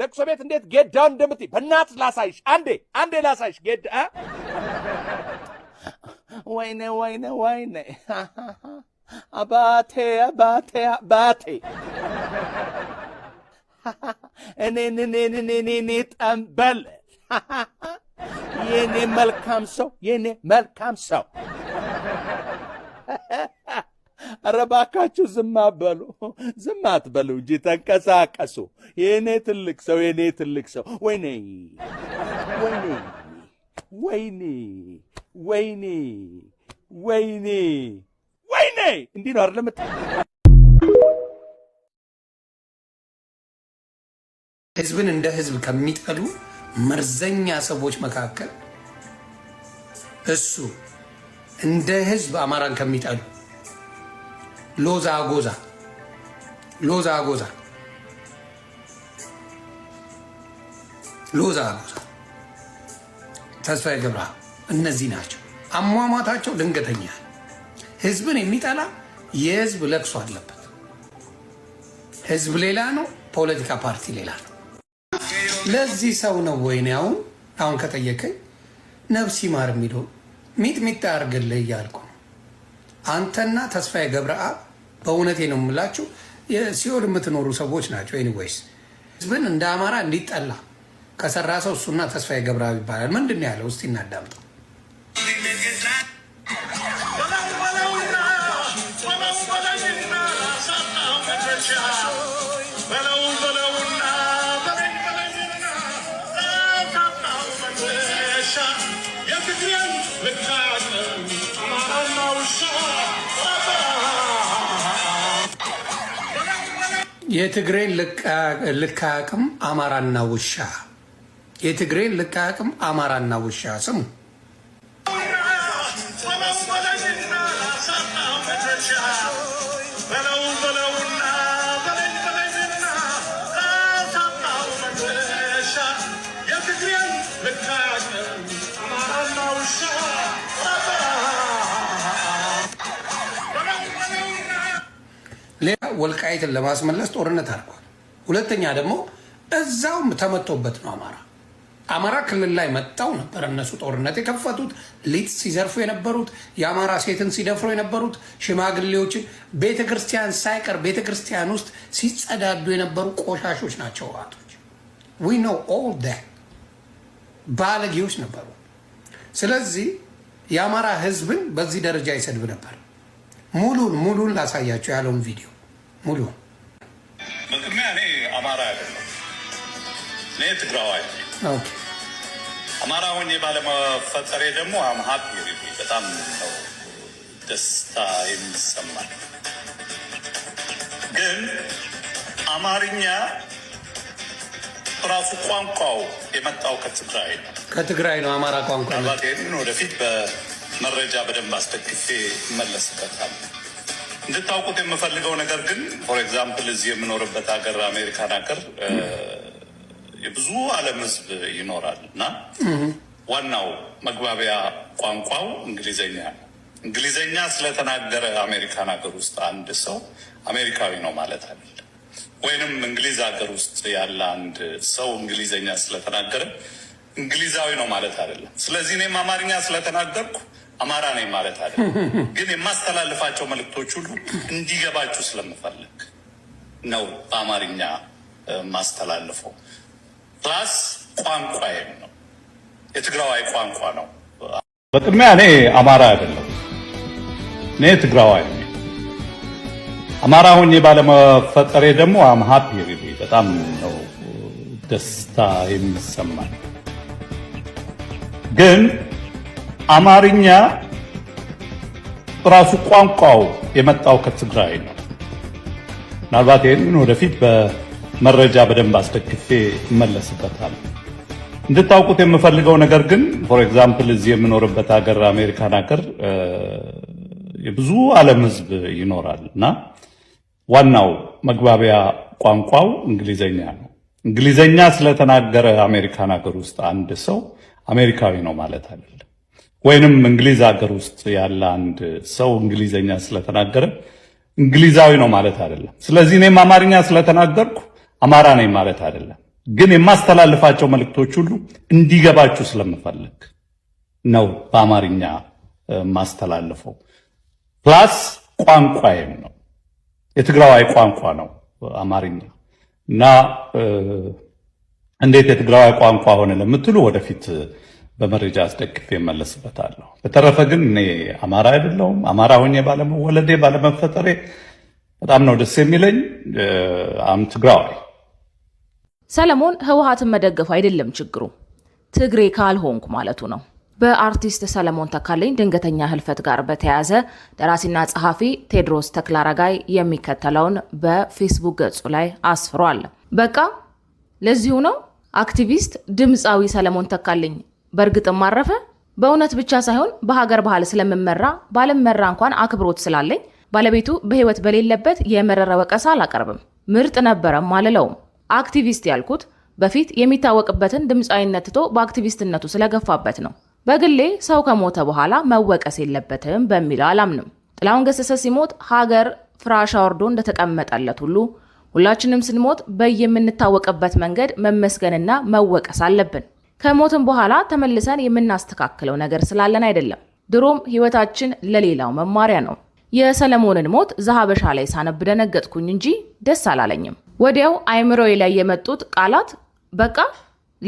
ለቅሶ ቤት እንዴት ጌዳውን እንደምትይ በእናት ላሳይሽ። አንዴ አንዴ ላሳይሽ ጌዳ። ወይኔ ወይኔ ወይኔ አባቴ አባቴ አባቴ እኔንኔንኔኔኔ ጠንበል የኔ መልካም ሰው የኔ መልካም ሰው ኧረ እባካችሁ ዝም አትበሉ፣ ዝም አትበሉ እንጂ ተንቀሳቀሱ። የእኔ ትልቅ ሰው፣ የእኔ ትልቅ ሰው፣ ወይኔ ወይኔ ወይኔ ወይኔ ወይኔ ወይኔ እንዲህ ነው አይደለም። ህዝብን እንደ ህዝብ ከሚጠሉ መርዘኛ ሰዎች መካከል እሱ እንደ ህዝብ አማራን ከሚጠሉ ሎዛ አጎዛ ሎዛ አጎዛ ሎዛ አጎዛ ተስፋዬ ገብረአብ እነዚህ ናቸው። አሟሟታቸው ድንገተኛ ህዝብን የሚጠላ የህዝብ ለቅሶ አለበት። ህዝብ ሌላ ነው፣ ፖለቲካ ፓርቲ ሌላ ነው። ለዚህ ሰው ነው ወይኔ አሁን አሁን ከጠየቀኝ ነፍስ ይማር የሚለው ሚጥሚጣ አድርግልህ እያልኩ ነው። አንተና ተስፋዬ ገብረአብ በእውነቴ ነው የምላችሁ ሲኦል የምትኖሩ ሰዎች ናቸው። ኤኒዌይስ ህዝብን እንደ አማራ እንዲጠላ ከሰራ ሰው እሱና ተስፋዬ ገብረአብ ይባላል። ምንድን ነው ያለው? እስቲ እናዳምጠው። የትግሬን አቅም አማራና ውሻ የትግሬን አቅም አማራና ውሻ ስሙ። ሌላ ወልቃይትን ለማስመለስ ጦርነት አድርጓል። ሁለተኛ ደግሞ እዛው ተመቶበት ነው አማራ አማራ ክልል ላይ መጣው ነበር። እነሱ ጦርነት የከፈቱት ሊጥ ሲዘርፉ የነበሩት የአማራ ሴትን ሲደፍሩ የነበሩት ሽማግሌዎችን፣ ቤተ ክርስቲያን ሳይቀር ቤተ ክርስቲያን ውስጥ ሲጸዳዱ የነበሩ ቆሻሾች ናቸው። ዋቶች ዊ ኖው ኦል ዳት ባለጌዎች ነበሩ። ስለዚህ የአማራ ህዝብን በዚህ ደረጃ ይሰድብ ነበር። ሙሉን ሙሉን ላሳያቸው ያለውን ቪዲዮ ሙሉ በቅድሚያ እኔ አማራ አይደለም እኔ ትግራዋይ አማራ ሆኜ ባለመፈጠሬ ደግሞ አምሀት በጣም ነው ደስታ የሚሰማል። ግን አማርኛ ራሱ ቋንቋው የመጣው ከትግራይ ነው ከትግራይ ነው አማራ ቋንቋ። ወደፊት በመረጃ በደንብ አስደግፌ እመለስበታለሁ። እንድታውቁት የምፈልገው ነገር ግን ፎር ኤግዛምፕል እዚህ የምኖርበት ሀገር አሜሪካን ሀገር የብዙ ዓለም ህዝብ ይኖራል እና ዋናው መግባቢያ ቋንቋው እንግሊዘኛ ነው። እንግሊዘኛ ስለተናገረ አሜሪካን ሀገር ውስጥ አንድ ሰው አሜሪካዊ ነው ማለት አይደለም። ወይንም እንግሊዝ ሀገር ውስጥ ያለ አንድ ሰው እንግሊዘኛ ስለተናገረ እንግሊዛዊ ነው ማለት አይደለም። ስለዚህ እኔም አማርኛ ስለተናገርኩ አማራ ነኝ ማለት አለ። ግን የማስተላልፋቸው መልእክቶች ሁሉ እንዲገባችሁ ስለምፈልግ ነው በአማርኛ ማስተላልፈው። ፕላስ ቋንቋዬም ነው የትግራዋይ ቋንቋ ነው። በቅድሚያ እኔ አማራ አይደለም፣ እኔ ትግራዋይ ነኝ። አማራ ሆኜ ባለመፈጠሬ ደግሞ አም ሀፒ በጣም ነው ደስታ የሚሰማል ግን አማርኛ ራሱ ቋንቋው የመጣው ከትግራይ ነው። ምናልባት ይህንን ወደፊት በመረጃ በደንብ አስደግፌ እመለስበታል። እንድታውቁት የምፈልገው ነገር ግን ፎር ኤግዛምፕል እዚህ የምኖርበት ሀገር አሜሪካን ሀገር የብዙ ዓለም ሕዝብ ይኖራል እና ዋናው መግባቢያ ቋንቋው እንግሊዘኛ ነው። እንግሊዘኛ ስለተናገረ አሜሪካን ሀገር ውስጥ አንድ ሰው አሜሪካዊ ነው ማለት አይደለም። ወይንም እንግሊዝ ሀገር ውስጥ ያለ አንድ ሰው እንግሊዘኛ ስለተናገረ እንግሊዛዊ ነው ማለት አይደለም። ስለዚህ እኔም አማርኛ ስለተናገርኩ አማራ ነኝ ማለት አይደለም። ግን የማስተላልፋቸው መልእክቶች ሁሉ እንዲገባችሁ ስለምፈልግ ነው በአማርኛ ማስተላልፈው። ፕላስ ቋንቋዬም ነው የትግራዋይ ቋንቋ ነው አማርኛ እና እንዴት የትግራዋይ ቋንቋ ሆነ ለምትሉ ወደፊት በመረጃ አስደግፌ መለስበታለሁ። በተረፈ ግን እኔ አማራ አይደለሁም። አማራ ሆኜ ባለመወለዴ ባለመፈጠሬ በጣም ነው ደስ የሚለኝ። አም ትግራዋይ ሰለሞን ህወሀትን መደገፍ አይደለም ችግሩ ትግሬ ካልሆንኩ ማለቱ ነው። በአርቲስት ሰለሞን ተካልኝ ድንገተኛ ህልፈት ጋር በተያያዘ ደራሲና ጸሐፊ ቴዎድሮስ ተክለአረጋይ የሚከተለውን በፌስቡክ ገጹ ላይ አስፍሯል። በቃ ለዚሁ ነው አክቲቪስት ድምፃዊ ሰለሞን ተካልኝ በእርግጥም አረፈ በእውነት ብቻ ሳይሆን በሀገር ባህል ስለምመራ ባልመራ እንኳን አክብሮት ስላለኝ ባለቤቱ በህይወት በሌለበት የመረረ ወቀሳ አላቀርብም። ምርጥ ነበረም አልለውም። አክቲቪስት ያልኩት በፊት የሚታወቅበትን ድምፃዊነት ትቶ በአክቲቪስትነቱ ስለገፋበት ነው። በግሌ ሰው ከሞተ በኋላ መወቀስ የለበትም በሚለው አላምንም። ጥላሁን ገሰሰ ሲሞት ሀገር ፍራሽ አውርዶ እንደተቀመጠለት ሁሉ ሁላችንም ስንሞት በየምንታወቅበት መንገድ መመስገንና መወቀስ አለብን። ከሞትም በኋላ ተመልሰን የምናስተካክለው ነገር ስላለን አይደለም። ድሮም ህይወታችን ለሌላው መማሪያ ነው። የሰለሞንን ሞት ዘሀበሻ ላይ ሳነብ ደነገጥኩኝ እንጂ ደስ አላለኝም። ወዲያው አይምሮዬ ላይ የመጡት ቃላት በቃ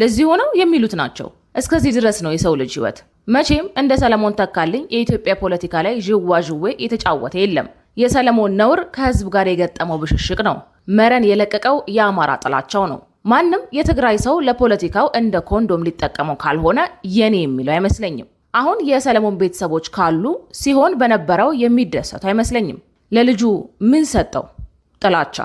ለዚህ ሆነው የሚሉት ናቸው። እስከዚህ ድረስ ነው የሰው ልጅ ህይወት። መቼም እንደ ሰለሞን ተካልኝ የኢትዮጵያ ፖለቲካ ላይ ዥዋዥዌ የተጫወተ የለም። የሰለሞን ነውር ከህዝብ ጋር የገጠመው ብሽሽቅ ነው። መረን የለቀቀው የአማራ ጥላቻው ነው። ማንም የትግራይ ሰው ለፖለቲካው እንደ ኮንዶም ሊጠቀመው ካልሆነ የኔ የሚለው አይመስለኝም። አሁን የሰለሞን ቤተሰቦች ካሉ ሲሆን በነበረው የሚደሰቱ አይመስለኝም። ለልጁ ምን ሰጠው? ጥላቻ።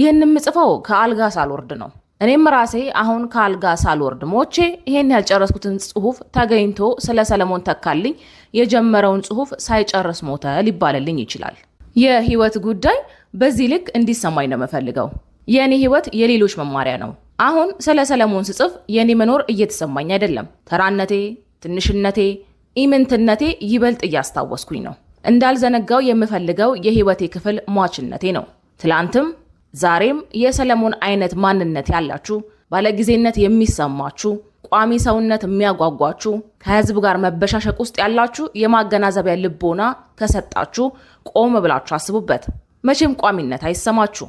ይህን ምጽፈው ከአልጋ ሳልወርድ ነው። እኔም ራሴ አሁን ከአልጋ ሳልወርድ ሞቼ ይህን ያልጨረስኩትን ጽሁፍ ተገኝቶ ስለ ሰለሞን ተካልኝ የጀመረውን ጽሁፍ ሳይጨርስ ሞተ ሊባልልኝ ይችላል። የህይወት ጉዳይ በዚህ ልክ እንዲሰማኝ ነው የምፈልገው። የእኔ ህይወት የሌሎች መማሪያ ነው። አሁን ስለ ሰለሞን ስጽፍ የእኔ መኖር እየተሰማኝ አይደለም። ተራነቴ፣ ትንሽነቴ፣ ኢምንትነቴ ይበልጥ እያስታወስኩኝ ነው። እንዳልዘነጋው የምፈልገው የህይወቴ ክፍል ሟችነቴ ነው። ትላንትም ዛሬም የሰለሞን አይነት ማንነት ያላችሁ ባለጊዜነት የሚሰማችሁ ቋሚ ሰውነት የሚያጓጓችሁ ከህዝብ ጋር መበሻሸቅ ውስጥ ያላችሁ የማገናዘቢያ ልቦና ከሰጣችሁ ቆም ብላችሁ አስቡበት። መቼም ቋሚነት አይሰማችሁ።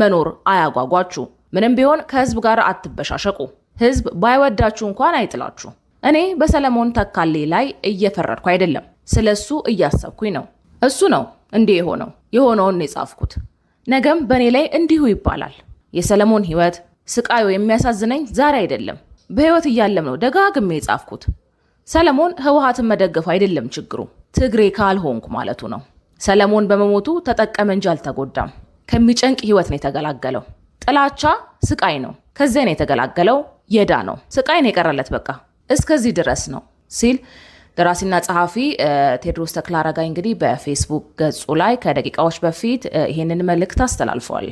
መኖር አያጓጓችሁ። ምንም ቢሆን ከህዝብ ጋር አትበሻሸቁ። ህዝብ ባይወዳችሁ እንኳን አይጥላችሁ። እኔ በሰለሞን ተካሌ ላይ እየፈረድኩ አይደለም፣ ስለ እሱ እያሰብኩኝ ነው። እሱ ነው እንዲህ የሆነው የሆነውን የጻፍኩት። ነገም በእኔ ላይ እንዲሁ ይባላል። የሰለሞን ህይወት ስቃዩ የሚያሳዝነኝ ዛሬ አይደለም፣ በህይወት እያለም ነው ደጋግሜ የጻፍኩት። ሰለሞን ህወሀትን መደገፉ አይደለም ችግሩ፣ ትግሬ ካልሆንኩ ማለቱ ነው። ሰለሞን በመሞቱ ተጠቀመ እንጂ አልተጎዳም። ከሚጨንቅ ህይወት ነው የተገላገለው። ጥላቻ ስቃይ ነው። ከዚያ ነው የተገላገለው። የዳ ነው ስቃይ ነው የቀረለት። በቃ እስከዚህ ድረስ ነው ሲል ደራሲና ጸሐፊ ቴዎድሮስ ተክለአረጋይ እንግዲህ በፌስቡክ ገጹ ላይ ከደቂቃዎች በፊት ይህንን መልእክት አስተላልፏል።